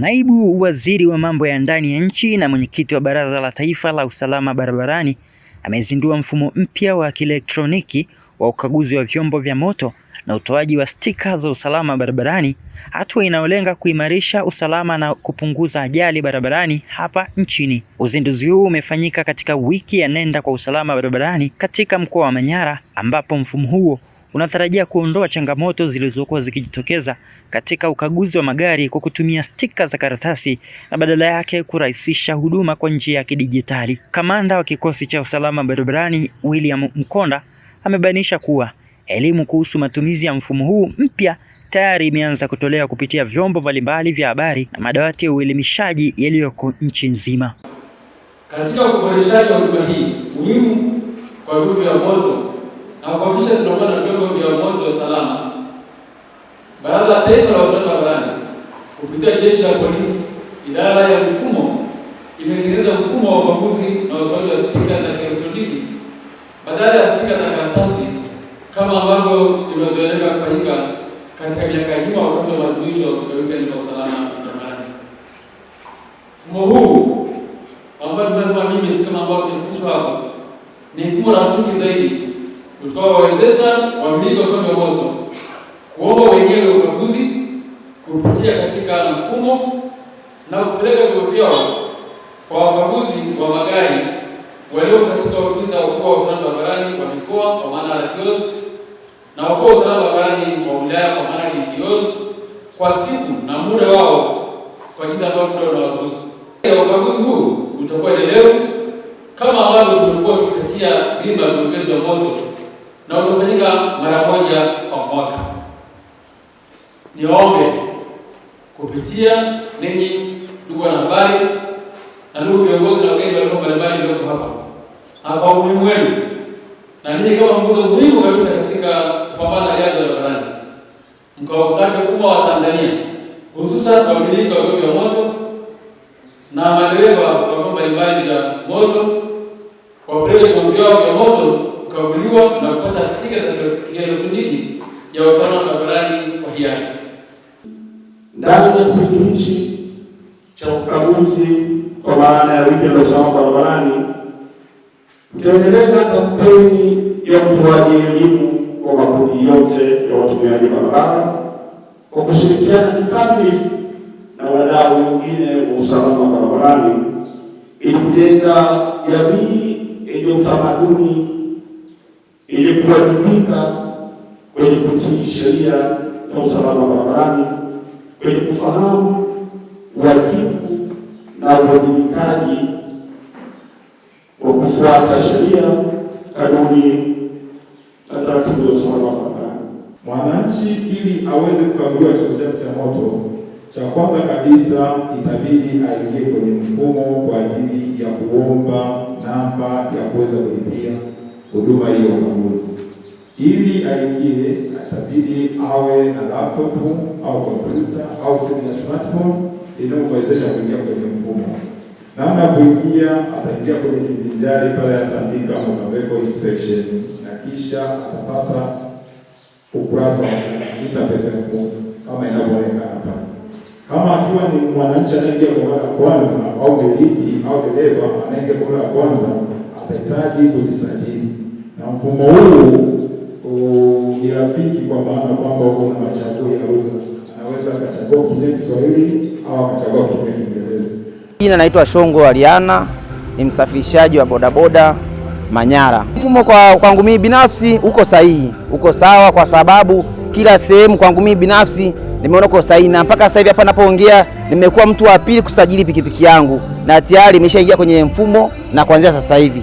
Naibu Waziri wa Mambo ya Ndani ya Nchi na Mwenyekiti wa Baraza la Taifa la Usalama Barabarani amezindua mfumo mpya wa kielektroniki wa ukaguzi wa vyombo vya moto na utoaji wa stika za usalama barabarani, hatua inayolenga kuimarisha usalama na kupunguza ajali barabarani hapa nchini. Uzinduzi huu umefanyika katika wiki ya Nenda kwa Usalama Barabarani katika mkoa wa Manyara ambapo mfumo huo unatarajia kuondoa changamoto zilizokuwa zikijitokeza katika ukaguzi wa magari kwa kutumia stika za karatasi na badala yake kurahisisha huduma kwa njia ya kidijitali. Kamanda wa kikosi cha usalama barabarani William Mkonda amebainisha kuwa elimu kuhusu matumizi ya mfumo huu mpya tayari imeanza kutolewa kupitia vyombo mbalimbali vya habari na madawati ya uelimishaji yaliyoko nchi nzima. Katika uboreshaji wa huduma hii muhimu kwa vyombo vya moto na kuhakikisha tunakuwa na vyombo vya umoja wa usalama, baraza la taifa la usalama barabarani kupitia jeshi la polisi, idara ya mfumo imetengeneza mfumo wa ukaguzi na utoaji wa stika za kielektroniki badala ya stika za karatasi kama ambavyo imezoeleka kufanyika katika miaka ya nyuma wakati wa maadhimisho ya kuimarisha usalama barabarani. Mfumo huu ambao tunasema mimi kama ambao tunapitishwa hapa ni mfumo rafiki zaidi tutawawezesha wamiliki wa vyombo moto kuomba wenyewe ukaguzi kupitia katika mfumo na kupeleka vyombo vyao kwa wakaguzi wa magari walio katika ofisi za wakuu wa usalama barabarani wa mikoa kwa maana TIOS na wakuu wa usalama barabarani wa wilaya kwa maana TIOS kwa siku na muda wao kwa jinsi ambavyo muda unawakaguzi. Ukaguzi huu utakuwa endelevu kama ambavyo tumekuwa tukipatia bima vyombo vya moto niwaombe kupitia ninyi ndugu na habari na ndugu viongozi na wageni walio mbalimbali walioko hapa na kwa umuhimu wenu na ninyi kama nguzo muhimu kabisa katika kupambana na janga la barabarani, mkawakutaja kubwa wa Tanzania, hususan wamiliki wa vyombo vya moto na madereva wa vyombo mbalimbali vya moto, kwa kupeleka vyombo vyao vya moto kukaguliwa na kupata stika za kielektroniki ya usalama barabarani kwa hiari ndani ya kipindi hichi cha ukaguzi kwa maana ya wiki ya usalama barabarani, tutaendeleza kampeni ya utoaji elimu kwa makundi yote ya watumiaji barabara kwa kushirikiana kikamilifu na wadau wengine wa usalama barabarani ili kujenga jamii yenye utamaduni ili kuwajibika kwenye kutii sheria na usalama barabarani kwenye kufahamu wajibu na uwajibikaji wa kufuata sheria, kanuni na taratibu za usalama wa barabarani. Mwananchi ili aweze kukaguliwa chombo chake cha moto, cha kwanza kabisa itabidi aingie kwenye mfumo kwa ajili ya kuomba namba ya kuweza kulipia huduma hiyo ya ukaguzi ili aingie awe na laptop au kompyuta au simu ya smartphone inayomwezesha kuingia kwenye mfumo. Namna ya kuingia, ataingia kwenye kivinjari pale, ataandika motaweko inspection na kisha atapata ukurasa interface ya mfumo kama inavyoonekana pale. Kama akiwa ni mwananchi anaingia kwa mara ya kwanza, au miliki au dereva anaingia kwa mara ya kwanza, atahitaji kujisajili na mfumo huu kirafiki, kwa maana kwamba huko na machaguo ya lugha, anaweza akachagua kutumia Kiswahili au akachagua kutumia Kiingereza. Jina naitwa Shongo Aliana, ni msafirishaji wa bodaboda Manyara. Mfumo kwa kwangu mimi binafsi uko sahihi, uko sawa, kwa sababu kila sehemu kwangu mimi binafsi nimeona uko sahihi, na mpaka sasa hivi hapa napoongea nimekuwa mtu wa pili kusajili pikipiki yangu na tayari imeshaingia kwenye mfumo na kuanzia sasa hivi